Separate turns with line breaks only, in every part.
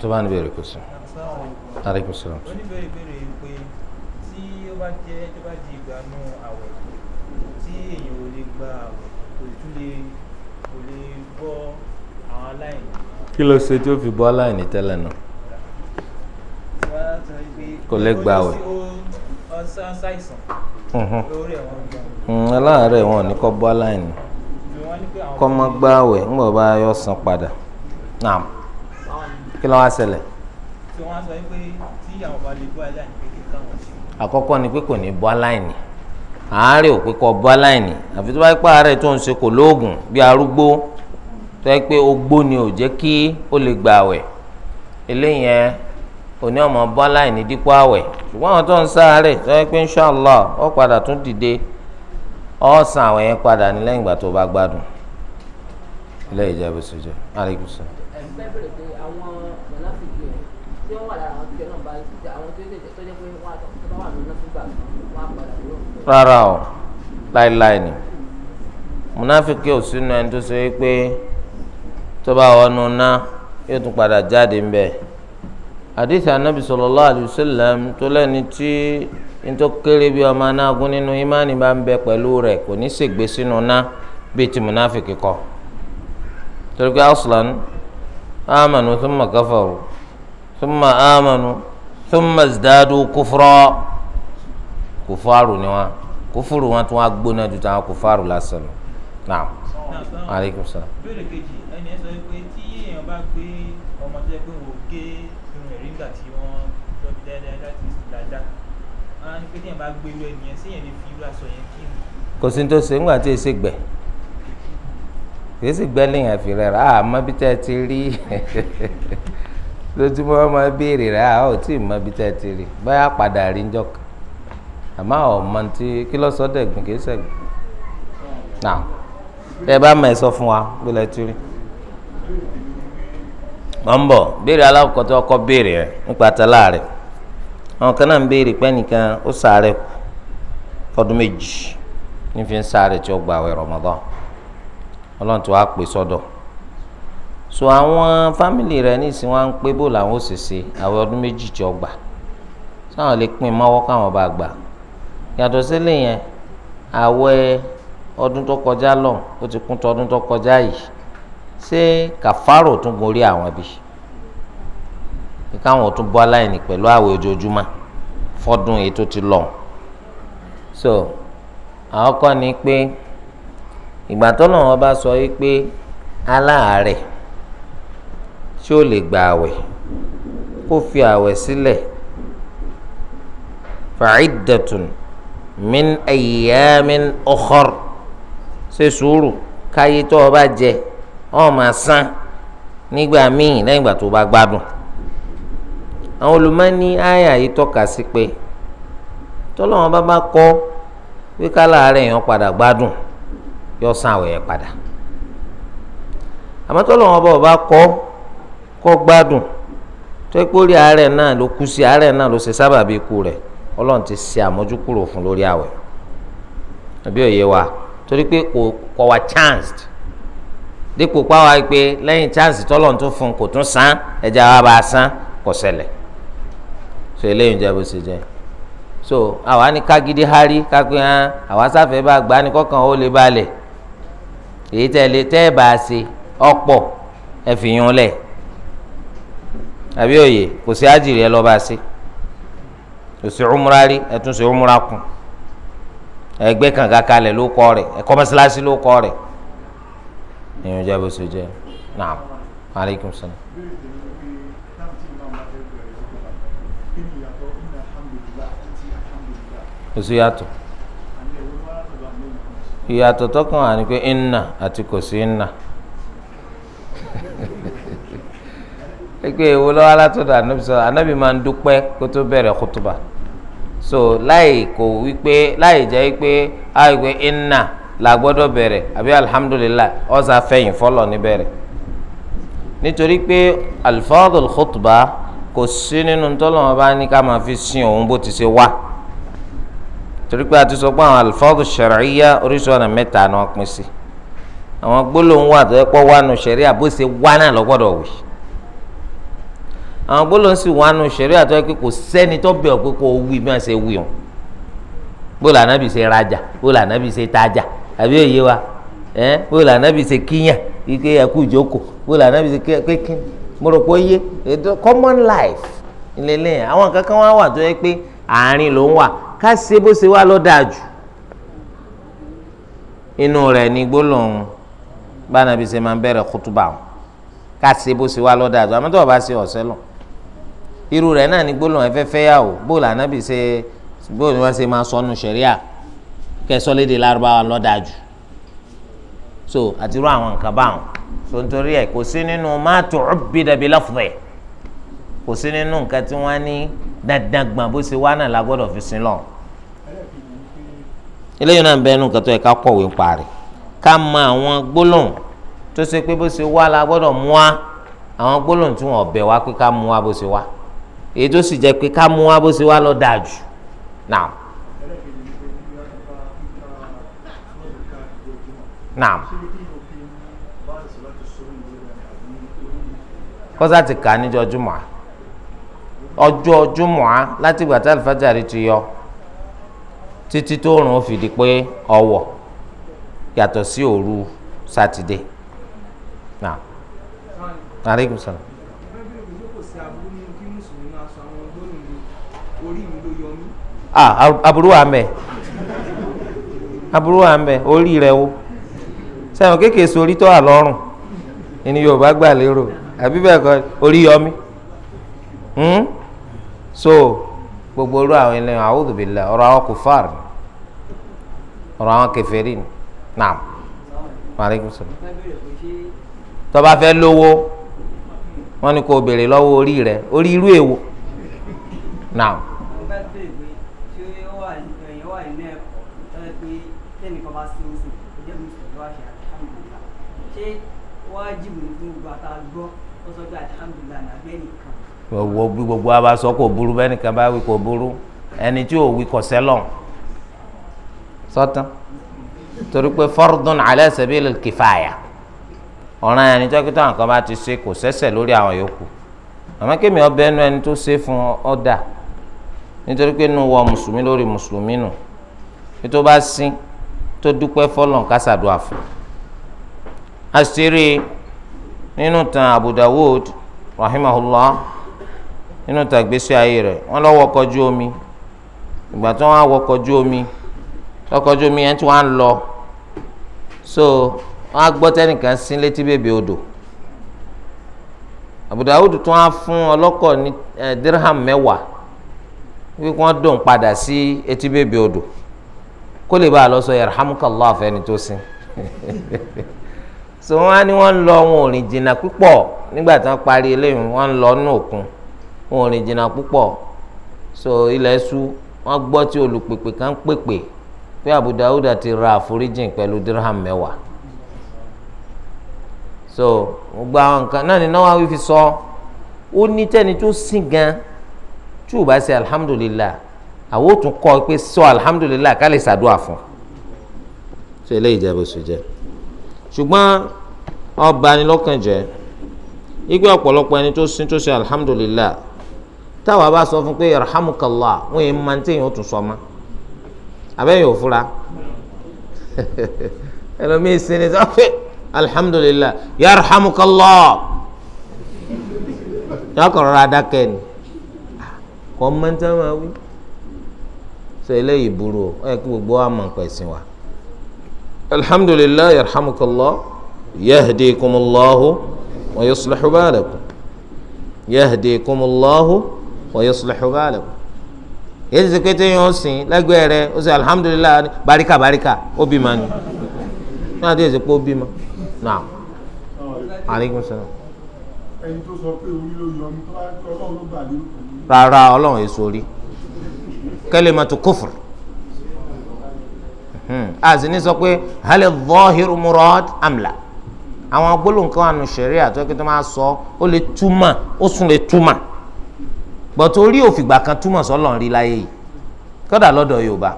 tó bá ní bèrè kò sí. aleykum salaam. oníbèrè bèrè pé tí ó bá jẹ́ tó bá di ìgbà nù àwẹ̀ tí èèyàn ò lè gba àwẹ̀ kò tún lè kò lè bọ́ àwọn aláìní. kí ló ṣe tí ó fi bọ́ aláìní tẹ́lẹ̀ náà. kò lè gba àwẹ̀. Mhm. Hmm, aláàárẹ̀ wọn ò kọ́ bọ́ aláìní kọ́ mọ́ gbáwẹ̀ ńgbọ̀ bá yọ san padà. Naam kí ló wá ṣẹlẹ̀. tí wọ́n sọ pé tí ìyàwó bá lè bọ́ aláìní pé kí káwọn ṣe. àkọ́kọ́ ni pé kò ní bọ́ aláìní àárẹ̀ ò pé kọ́ bọ́ aláìní àfi tó bá pẹ́ àárẹ̀ tó ń ṣe kò lóògùn bí arúgbó tó yẹ pé ogbó ni ò jẹ́ kí ó lè gbà àwẹ̀ eléyẹn òní ọmọ bọ́ aláìní dípò àwẹ̀ ṣùgbọ́n àwọn tó ń ṣàárẹ̀ tó yẹ pé inṣàlá ó padà tún dìde ó rárá o láéláé ni munafiki ò sínú ẹni tó sọ yìí pé tó bá wọnú ná yóò tún padà jáde ń bẹ àdìsí anabi sallallahu alaihi wasallam tó lẹni tí nítorí kéré bí ọmọ anágún nínú imáni bá ń bẹ pẹ̀lú rẹ̀ kò ní ṣègbè sínú ná bíi ti munafiki kọ́ torí pé aslan amanu thumma kafaru thumma amanu thumma zdadu kufra kufaru ni wọn kufuru wọn tún wá gbóná ju táwọn kufaru lásán lọ naam aleykum salaam. béèrè kejì ẹni ẹ sọ pé tí èèyàn bá gbé ọmọ tó yẹ pé wò ó gé irun ẹ̀rí nígbà tí wọ́n lọ bí dáadáa láti làjá wọn á ní pé téèyàn bá gbé irú ẹni yẹn sí èèyàn lè fi irú aṣọ yẹn kí ni. kò sí ní tó ṣe ńgbà tí èsì gbẹ èsì gbẹ lèèyàn fi rẹ rà á mọ bí tẹ́ ẹ ti rí mọ ọmọ béèrè rẹ̀ a ò tí ì mọ ibi tẹ́ ẹ ti rí báyà padà rí njọ́ kan àmọ́ àwọn ọmọ ti kí lọ sọ dẹ̀gbìn kì í sẹ̀gbìn náà tẹ́ ẹ bá mọ̀ ẹ sọ fún wa bí lẹ ti rí mọ̀ ń bọ̀ béèrè alákọ̀ọ́ tí wọ́n kọ́ béèrè rẹ̀ nípa tẹ́lá rẹ̀ àwọn kan náà ń béèrè nìkan ó fọdún méjì nífi ń tí ó gbà so àwọn fámìlì rẹ nísìn wọn ń pé bó làwọn ò sì ṣe àwọn ọdún méjì tí ó gbà sáwọn lè pín mọ́wọ́ káwọn bá gbà yàtọ̀ sílẹ̀ yẹn àwẹ̀ ọdún tó kọjá lọ ó ti kún tọdún tó kọjá yìí ṣé kàfárò tún gorí àwọn bí káwọn tún bọ́ aláìní pẹ̀lú àwẹ̀ ojoojúmọ́ fọdún èyí tó ti lọ so àwọn kọ́ ni pé ìgbà tó lọ́wọ́ bá sọ yìí pé aláàárẹ̀ tí ó lè gba àwẹ̀ kó fi àwẹ̀ sílẹ̀ fa'iddatun min ayyamin ukhar ṣe sùúrù káyé tó o bá jẹ ọ máa san nígbà míì lẹ́yìn ìgbà tó o bá gbádùn àwọn olùmọ́ni àyà yìí tọ́ka sí pé tọ́lọ́wọ́n bá bá kọ́ wíkà láàárẹ̀ yẹn padà gbádùn yọ san àwẹ̀ yẹn padà àmọ́ tọ́lọ́wọ́n bá o bá kọ́ kó gbádùn tó pé orí àárẹ̀ náà ló kú sí àárẹ̀ náà ló ṣe sábàbí ikú rẹ̀ ọlọ́run ti ṣe àmójúkúrò fún lórí àwẹ̀ àbí òye wa torí pé kò wá chance dípò páwa pé lẹ́yìn chance tọ́lọ́run tó fún kò tún san ẹja wa bá san kò ṣẹlẹ̀ so eléyìí ń jẹ́ bó ṣe jẹ́ so àwa ní kágídí hárí kápẹ́ hàn àwa sáfẹ́ bá gbá ní kọ́kàn ó lè balẹ̀ èyí tẹ̀lé tẹ́ bá ṣe ọ̀pọ̀ ẹ̀fìyàn lẹ̀ àbí òye kò sí àjìrì ẹ lọ bá a ṣe kò sí umra rí ẹ tún sí umra kùn ẹgbẹ́ kànga kalẹ̀ ló kọ́ rẹ̀ ẹ̀kọ́ mọ́sálásí ló kọ́ rẹ̀ ìyẹn bó ṣe kò sí yàtọ̀ tọkàn pé àti kò sí pé èwo lọ́wọ́ látọ̀dọ̀ ànábì sọ ànábì máa ń dúpẹ́ kó tó bẹ̀rẹ̀ kútùbà so láì kò wípé láì jẹ́ wípé àì pé inna la gbọ́dọ̀ bẹ̀rẹ̀ àbí alhamdulilah ọ̀sà fẹ̀yìn fọlọ̀ níbẹ̀rẹ̀ nítorí pé alfadul kútùbà kò sí nínú tọ́lọ́mọ bá ní ká máa fi sin òun bó ti ṣe wá torí pé a ti sọ pé àwọn alfadul shar'iyya oríṣi ọ̀nà mẹ́ta ni wọ́n pín sí àwọn gbólóhùn wà tó yẹ kó wà nù bó ṣe wá náà lọ́gbọ́dọ̀ wì í àwọn gbólóhùn sì wà nù sẹ̀rí àtọ́ pé kò sẹ́ni tó bẹ̀ ọ́ pé kò wí bí wọ́n ṣe wí o bó lànà bí ṣe rajà bó lànà bí ṣe tajà àbí òye wa ẹ bó lànà bí ṣe kíyàn ike ẹkú ìjókòó bó lànà bí ṣe kékin mo yé ètò common life ńlẹ́lẹ́ àwọn kankan wá wà tó yẹ pé àárín ló ń wà ká ṣe bó ṣe wá ló dáa jù inú rẹ̀ ní gbólóhùn bá nàbí ṣe máa bẹ̀rẹ̀ kútúbà ká ṣe bó ṣe wá ló jù àmọ́ tó ṣe ọ̀sẹ́ lọ irú rẹ̀ náà ní gbólóhùn ẹ fẹ́ fẹ́ yà wò bóòlù ànábì ṣe bóòlù wọn ṣe máa sọnù ṣẹ̀ríà kẹsọ́ léde lárúbáwá lọ́dàjù so àti irú àwọn nǹkan báwọn so nítorí ẹ kò sí nínú má tu'bida bi lafzihi kò sí nínú nǹkan tí wọ́n ní dandan gbọ̀n bó ṣe wá náà la gbọ́dọ̀ fi sin lọ. eléyìí náà ń bẹ ẹnu nǹkan tó yẹ ká kọ̀wé parí ká mọ àwọn gbólóhùn tó ṣe pé bó ṣe wá la mú wa àwọn gbólóhùn tí wọ́n ọ̀bẹ̀ wá pé ká mú wa bó ṣe wá èyí tó sì jẹ́ pé ká mú wá bó ṣe wá lọ dáa jù náà. naam kọ́sá ti kà á níjọ́ jùmọ̀ ọjọ́ jùmọ̀ láti gbà tá àlùfájàre ti yọ títí tó rùn ó fi di pé ọwọ̀ yàtọ̀ sí òru sátidé naam aleykum salaam. ah aburú wa mbẹ aburú wa mbẹ orí rẹ wo sẹ́wọ̀n kéèké sori tó wà lọ́rùn ẹni yorùbá gbà lérò àbí bẹ́ẹ̀ kọ́ orí yọmí hmm? so gbogbo orú àwọn ẹlẹ́yìn a'udhu billah ọ̀rọ̀ àwọn kufar ọ̀rọ̀ àwọn kèfèrí naam maaleykum salaam tó bá fẹ́ lówó wọ́n ní kó béèrè lọ́wọ́ orí rẹ orí irú èwo naam.
wá jìbò ní gbogbo àtàgbọ́ wọ́n sọ pé alhamdulilayi nàbẹ́ nìkan.
gbogbo gbogbo wa bá sọ kò burú bẹ́ẹ̀ nìkan bá wí kò burú ẹni tí ò wí kò sẹ́lọ̀n sọ́tàn torí pé fardun ala sabilil kifaya ọ̀ràn ẹni tó kí táwọn kan bá ti ṣe kò sẹ́sẹ̀ lórí àwọn yòókù àmọ́ kémi ọbẹ̀ ẹnu ẹni tó ṣe fún ọ dà nítorí pé inú wọ mùsùlùmí lórí mùsùlùmí nù bí tó bá sín tó dúpẹ́ fọlọ́n kásàdúà fún un. asiri nínú tan Abu Dawud rahimahullah nínú tan gbèsè ayé rẹ̀ wọ́n lọ wọkọ̀ ojú omi ìgbà tí wọ́n wọkọ̀ omi lọkọ̀ omi yẹn tí wọ́n lọ so wọ́n á gbọ́ tẹnìkan sí létí bèbè odò Abu Dawud tún fún ọlọ́kọ̀ ní dirham mẹ́wàá wípé wọ́n dùn padà sí etí bèbè odò kó lè bá a lọ sọ yarhamukallah tó sin. so wọn á ní wọn lọ wọn ò rìn jìnnà púpọ̀ nígbà tí wọn parí eléyìí wọn ń lọ nínú òkun wọn ò rìn jìnnà púpọ̀ so ilẹ̀ ṣú wọn gbọ́ tí olùpèpè kan pèpè pé Abu Dawuda ti ra àforíjìn pẹ̀lú dirham mẹ́wàá so gbogbo àwọn nǹkan náà ni Nawawi fi sọ ó ní tẹ́ni tó sìn gan tí ò bá ṣe alhamdulillah àwọn ò tún kọ́ pé sọ alhamdulillah ká lè ṣàdúrà fún un so eléyìí jẹ́ bó ṣe jẹ́ ṣùgbọ́n ọbani lọ́kàn jẹ́ igbe ọ̀pọ̀lọpọ̀ ẹni tó sin tó sin alhamdulilayi táwa bá sọ fún pé yarhamukallah wọn yìí máa ń tẹ̀yìn ó tún sọ ma abẹ́yìn ò fura ẹlòmíì sinmi sọ pé alhamdulilayi yarhamukallah yọkọ̀rọ̀ adákẹ́ ni kọ́ máa ń tẹ́ máa wí sọ eléyìí burú ọ ẹ kí gbogbo wa mọ̀ pẹ̀sìn wa alhamdulilayi yarhamukallah. يهديكم الله ويصلح بالكم يهديكم الله ويصلح بالكم yéé ti kété yẹn ó sìn lẹ́gbẹ̀ẹ́ rẹ̀ ó sẹ alihamudulilayi barika barika ó bí ma ni náà tó yẹ kó bí ma náà aleykum salaam.
ẹni tó sọ pé orí ló yọ ní tó ọlọ́run ló gbà
rárá ọlọ́run èso rí kalimatu kufr hmm. a sì ní sọ pé hali zọ́hìrì murad amla àwọn gbólóhùn kan wà nù sẹ̀ríà tó kí tó máa sọ ó lè túmọ̀ ó sùn lè túmọ̀ bọ̀tọ̀ orí òfìgbà kan túmọ̀ sọ́lọ̀ ń rí láyé yìí kódà lọ́dọ̀ Yorùbá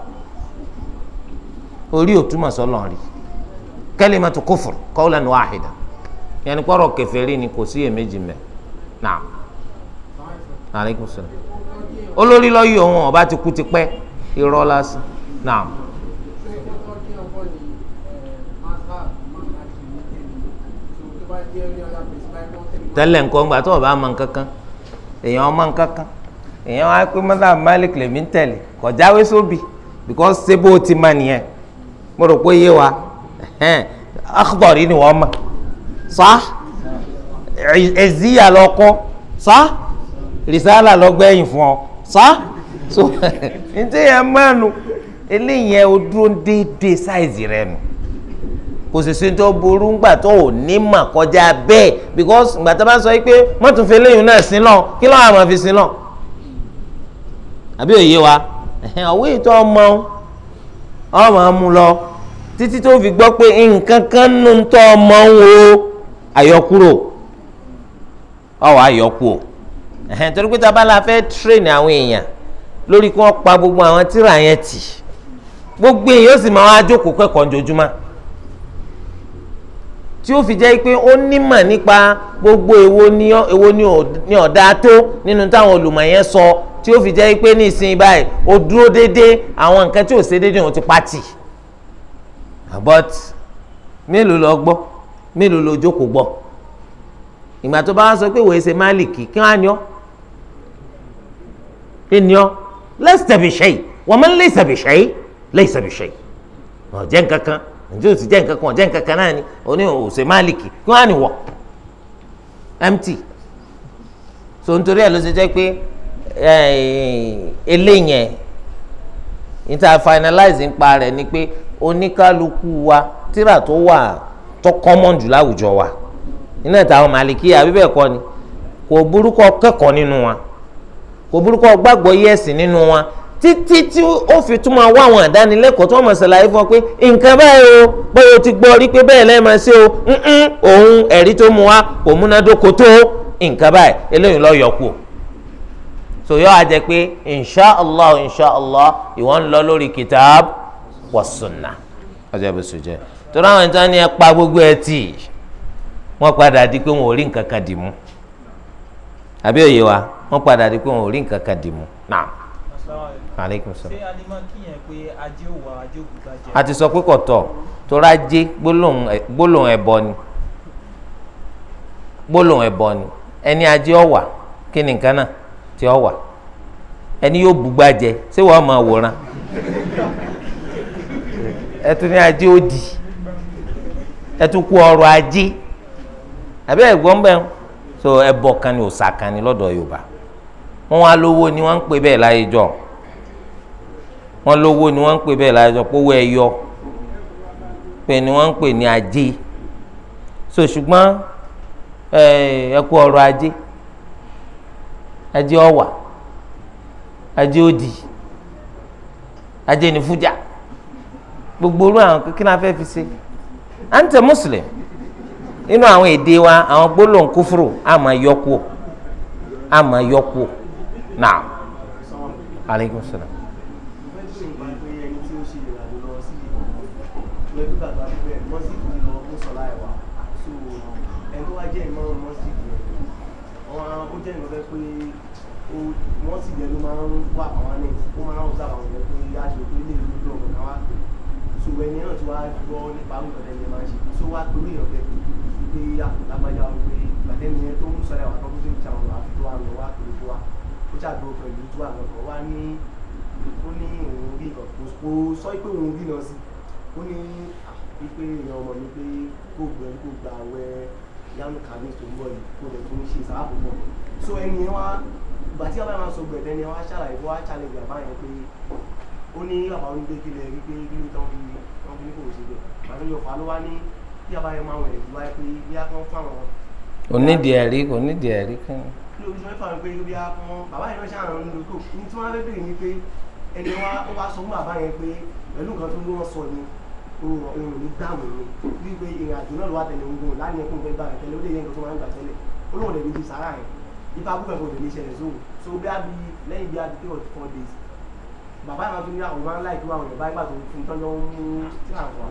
orí ò túmọ̀ sọ́lọ̀ ń rí kalimatu kufr qawlan wahida yẹnni kọ́rọ̀ kèfèrí ni kò sí èméjì mẹ́ náà alaikum salaam olórí lọ́yọ̀ òun ọba ti kú ti pẹ́ irọ́ lásán náà. tẹ́lẹ̀ nǹkan gbà tó o bá mọ nǹkan kan èèyàn ọmọ nǹkan kan èèyàn wá pé mọ́tà malik lèmi ń tẹ̀lé kò jáwé sóbì because ṣé o ti mọ nìyẹn mo rò pé yé wa akhdari ni wọ́n mọ̀ sá ẹ̀zíyà lọ kọ́ sá rìsálà lọ gbẹ̀yìn fún ọ sá so ǹjẹ́ yẹn mọ́nu eléyìí yẹn o dúró déédéé sáìzì rẹ nù kò sì sí tó burú ńgbà tó ò ní mà kọjá bẹ́ẹ̀ because ìgbà tó bá sọ pé mọ́tò fi léyìn náà sí lọ kí lọ́wọ́ àwọn fi sí lọ. àbí òye wa ọ̀wé ìtọ́ ọmọ ọmọ mu lọ títí tó fi gbọ́ pé nǹkan kan nù ń tọ́ wo àyọkúrò ọ̀wọ́ àyọkú o torí pé tá a bá la fẹ́ train àwọn èèyàn lórí kí wọ́n pa gbogbo àwọn tíra yẹn tì gbogbo èèyàn sì máa wá jókòó kẹ́kọ̀ọ́ ojoojúmọ́ tí ó fi jẹ́ pé ó nímọ̀ nípa gbogbo èwo ni èwo ni ọ̀dà tó nínú táwọn olùmọ̀ yẹn sọ tí ó fi jẹ́ pé ní ìsìn báyìí ó dúró déédéé àwọn nǹkan tí ò ṣe déédéé òun ti pàtì. but mélòó lọ gbọ́ mélòó lọ jókòó gbọ́ ìgbà tó bá wá sọ pé wòye ṣe máàlìkì kí wọ́n á ní ọ́ kí ni ọ́ lẹ́sẹ̀ bìṣẹ́ yìí wọ́n máa ń lẹ́sẹ̀ bìṣẹ́ yìí lẹ́sẹ̀ bìṣẹ́ yìí ọ̀jẹ̀ nǹkan ǹjẹ́ òsì jẹ́ nǹkan kan ọ̀jẹ́ nǹkan kan náà ni oní òsè máàlìkì kí wọ́n á nìwọ̀ empty so nítorí ẹ̀ ló ṣe jẹ́ pé eléyẹn eh, níta finalize ń pa rẹ̀ ni pé oníkálukú wa tíra tó wà tó common jù láwùjọ wa iná ìtàwọn màlìkì àbí bẹ́ẹ̀ kọ́ ni kò burúkọ kẹ́kọ̀ọ́ nínú wa kò burúkọ gbàgbọ́ yẹ́sì nínú wa títí tí ó fi tún wá àwọn àdánilẹ́kọ̀ọ́ tí wọ́n pé nǹkan báyìí o bóyá o ti gbọ́ rí pé bẹ́ẹ̀ o nǹkan òun ẹ̀rí tó mu wá kò múnádóko tó nǹkan báyìí eléyìí lọ́ọ́ yọkù so yọ àjẹ pé insha allah insha allah ìwọ ń lọ lórí kitab pa gbogbo ẹ tì wọ́n pé wọn aleykum sọ. ṣé alimọ kíyàn pé ajé ò wá ajé
òkú bá jẹ. a ti sọ
pé kò tọ́ torí gbólóhùn ẹbọ ni gbólóhùn ẹbọ ni ẹni ajé ọwà kí ni nǹkan náà ti ọwà ẹni yóò bùgbà jẹ ṣé wàá máa wòran ẹtù ní ajé ó di kú ọrọ̀ ajé àbí ẹ̀gbọ́n bẹ́ẹ̀ so ẹbọ kan ni òòṣà kan ni lọ́dọ̀ Yorùbá wọn wá lówó ni wọn ń pè bẹ́ẹ̀ láyé jọ. wọn lówó ni wọn ń pè bẹ́ẹ̀ láàjọ pé owó ẹyọ ni wọn ń pè ní ajé so ṣùgbọ́n ẹ kú ajé ajé ọwà ajé òdì ajé ní gbogbo orú àwọn kékeré fi ṣe à ń tẹ muslim àwọn èdè wa àwọn gbólóhùn kúfúrú àmọ́ yọkùọ àmọ́ yọkùọ náà aleykum salaam.
lọ bí bàbá mi bẹ́ẹ̀ mọ́síkì ni lọ mú sọlá ẹ̀ wá so ẹni tó wá jẹ́ ìmọ̀ mọ́síkì yẹn àwọn ó jẹ́ ìmọ̀ fẹ́ pé mọ́síkì yẹn ló máa ń wà àwọn ní ó máa ń sábà wọn yẹn pé aṣọ pé ilé ìlú lọ ọ̀gá wa so ẹni náà ti wá gbọ́ nípa àwọn ìtọ́jú ẹni máa ń ṣe so wá torí ìyàn fẹ́ pé àkùtàgbájá wọn pé bàtẹ́ni yẹn tó ń sọlá ẹ̀ wá tó ń ṣe àwọn àfikún wa lọ wá pẹ̀lú tó wà lọ́kọ̀ wá ó ní òun rí nǹkan kò sọ pé òun rí lọ sí ó ní wípé ìyá ọmọ mi pé kó gbẹ kó gba àwẹ̀ yánú kàmí tó ń bọ̀ yìí kó lè tún ṣe ìsáàbò pọ̀ so ẹni yẹn wá ìgbà tí bàbá yẹn sọ gbẹ̀dẹ̀ ni wọ́n á ṣàlàyé wọ́n á ṣàlàyé bàbá yẹn pé ó ní bàbá onígbẹ́kẹ̀lẹ̀ wípé kí ló tán fi wọ́n fi ní kò ṣe bẹ̀ bàbá yẹn fà ló wá ní bí bàbá yẹn máa wẹ̀ ìlú wáyé pé bí a kàn fún àwọn.
onídìí ẹ̀rí kò nídìí ẹ̀rí kan.
kí ló ń sọ fún àwọn pé bí a kàn bàbá yẹn ṣàrán ní lóko ní tí wọ́n á fẹ́ bèrè ni pé ẹni wa ó wá sọ ni òun òun ní gbàwé ni wípé ìrìn àjò náà ló wà tẹ̀lé ogun láti ẹkún fẹ́ bá rẹ̀ tẹ́lẹ̀ ó lè yẹn tó máa ń gbà tẹ́lẹ̀ olóhùn rẹ̀ méjì sára rẹ̀ ipa púpẹ̀ kò lè ní ṣẹlẹ̀ sóhùn so bí a bí lẹ́yìn bí a bí three or four days bàbá yàrá tún ní àwọn máa ń láì tó àwọn ìbá ìgbà tó fún tọ́jọ́ ń mú tí à ń wà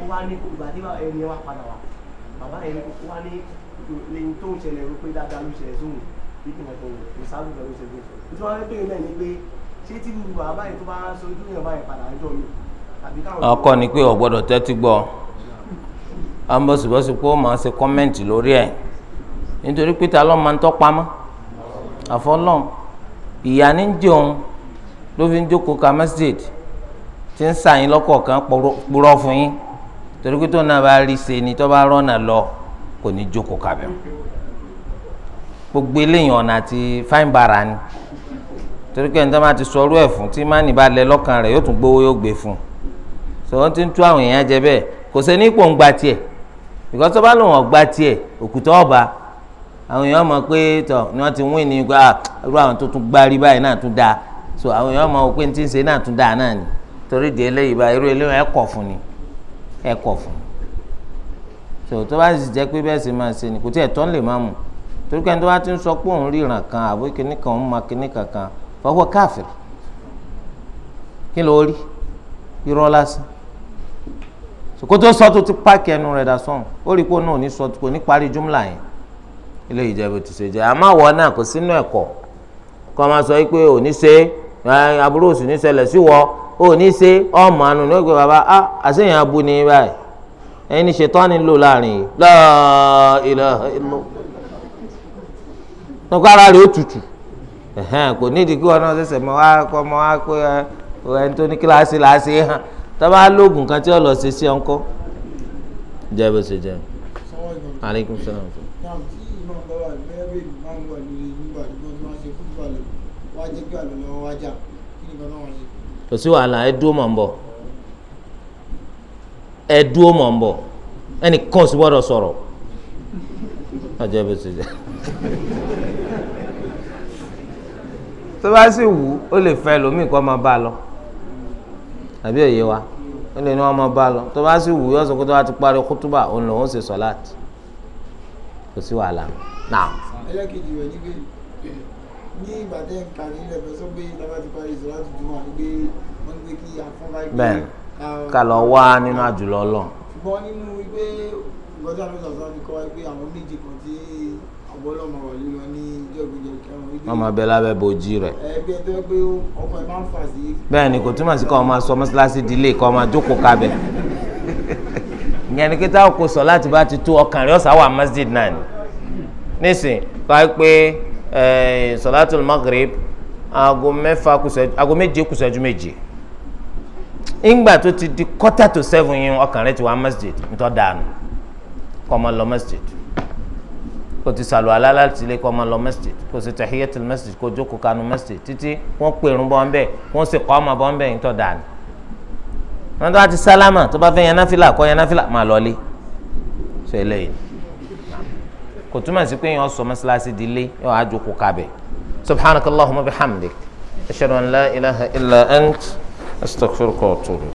ó wá ní ìgbà tí ẹni wá padà wá bàbá yẹn ó wá ní lẹ́yìn tó ń ṣẹlẹ̀ rú pé dáadáa ló ṣẹlẹ̀ sóhùn bí kìnnà tó ń sáájú pẹ̀lú ṣẹlẹ̀ sóhùn tí wọ́n fẹ́ bẹ̀rẹ̀ náà ni pé ṣé tí bàbá yẹn tó bá sọ yẹn báyìí padà ń jọ mi
ọkọ ni pé o gbọ́dọ̀ tẹ́tí gbọ́ ambosibosi pé ó máa ṣe kọ́mẹ́ǹtì lórí ẹ̀ nítorí pé ta ló máa ń tọ́pamọ́ àfọlọ́n ìyá ní jẹun ló fi ń jókòó ka masjid ti ń sàyìn lọ́kọ̀ọ̀kan purọ́ fún yín torí pé tó náà bá rí ṣe ni tó bá rọ́nà lọ kò ní jókòó kabẹ́ gbogbo eléyìí ọ̀nà àti fáìnbara ni torí pé ẹni tó máa ti sọ ọrú ẹ̀ fún tí má nì lọ́kàn rẹ̀ yóò tún gbowó yóò gbé fún un so wọ́n ti ń tú àwọn èèyàn jẹ bẹ́ẹ̀ kò sẹ́ ní ipò ń gba tiẹ̀ because ọba lòun ọ̀gba tiẹ̀ òkúta ọba àwọn èèyàn mọ̀ pé tọ̀ ni wọ́n ti wín ní gba ah, irú àwọn tó tún gbárí báyìí náà tún dáa so àwọn èèyàn mọ̀ pé ní ti ń ṣe náà tún dáa náà ni torí di eléyìí bá irú eléyìí ẹ kọ̀ fún ni ẹ kọ̀ fún ni so tó bá sì jẹ́ pé bẹ́ẹ̀ sì máa ṣe ni kò tí ẹ̀ tán lè má mú torí kẹ́ni tó bá ti ń sọ pé òun ríran kan àbó kìnnì kan òun ma kìnnì kankan fọwọ́ káàfìrì kí ló rí irọ́ lásán sokoto sọ tó ti páàkì ẹnu rẹ̀ dà sọ̀hún ó rí i pé òun náà ní sọ kò ní parí júmùlà yẹn ilé ìjẹ́bù ti ṣe jẹ́ àmọ́ àwọ̀ náà kò sínú ẹ̀kọ́ kọ́ máa sọ pé òní ṣe aburú òsì ní ṣẹlẹ̀ sí wọ òní ṣe ọmọ àánú ní ọgbẹ́ bàbá a ah, àṣeyàn abu ní báyìí ẹ̀yin ní ṣetán ni lò láàrin yìí lọ́ọ́ ilẹ̀ ìlú ara rẹ̀ ó tutù kò nídìí kí wọn náà ṣẹ̀ṣẹ̀ mọ́ wá kọ́ mọ́ wá pé ẹni tó ní kíláàsì láàṣì tọ́ba lóògùn kan tí ó lọ ṣe sí ọ̀ńkọ́ jẹ́ bó ṣe jẹ́ aleykum salaam. kò sí wàhálà ẹ dúró mọ̀ ń bọ̀ ẹ dúró mọ̀ ń bọ̀ ẹnì kan sì gbọ́dọ̀ sọ̀rọ̀ ọjọ́ bó ṣe jẹ́ tó bá sì wù ó lè fẹ́ lómi kó máa bá a lọ àbí òye wa ó lè ní wọn máa bá lọ tó bá sì wù yọ sọ pé tó bá ti parí kútúbà òun lòún ṣe sọláàtì kò sí wàhálà náà.
ẹlẹ́kejì rẹ̀ ní pé ní ìgbà tẹ́ ń parí ilẹ̀ fẹ́ sọ pé ìjọba ti parí sọláàtì jù wọn pé wọ́n gbé kí afọ́nbá bẹ́ẹ̀ ká lọ
wá nínú àjùlọ Ọlọ́run.
ṣùgbọ́n nínú pé gbọ́dọ̀ àlọ́ wọ́n máa bẹ
lábẹ́ bòjì rẹ̀. bẹ́ẹ̀ ni kò túmọ̀ sí kọ́ ọ máa sọ mọ́ṣáláṣí dílé kọ́ ọ máa jókòó kábẹ́ ìyẹn ni kíta kò sọ láti bá ti tó ọkàn rẹ̀ ọ̀sà wà masjid náà ni nísìn ká pé sọlátul maghrib aago mẹ́fà kùsẹ̀jú aago méje kùsẹ̀jú méje ìgbà tó ti di quarter to seven yìí ọkàn rẹ̀ ti wà masjid ńtọ́ dànù kọ́ ọ máa lọ masjid kó ti sàlù alálà ti lé kó ọmọ lọ masjid kó sì tahiyatul masjid kó jókòó kanu masjid títí wọ́n pèrún bọ́ ńbẹ wọ́n sì kọ́ ọmọ bọ́ ńbẹ yìí tọ́ dànù. wọ́n tó bá ti sálámà tó bá fẹ́ yan náfìlà kọ́ yan náfìlà máa lọ lé sọ eléyìí kò túmọ̀ sí pé yẹn sọ mọ́sálásí di lé yẹn wàá jókòó kábẹ̀ subhanakallahumma wa atubu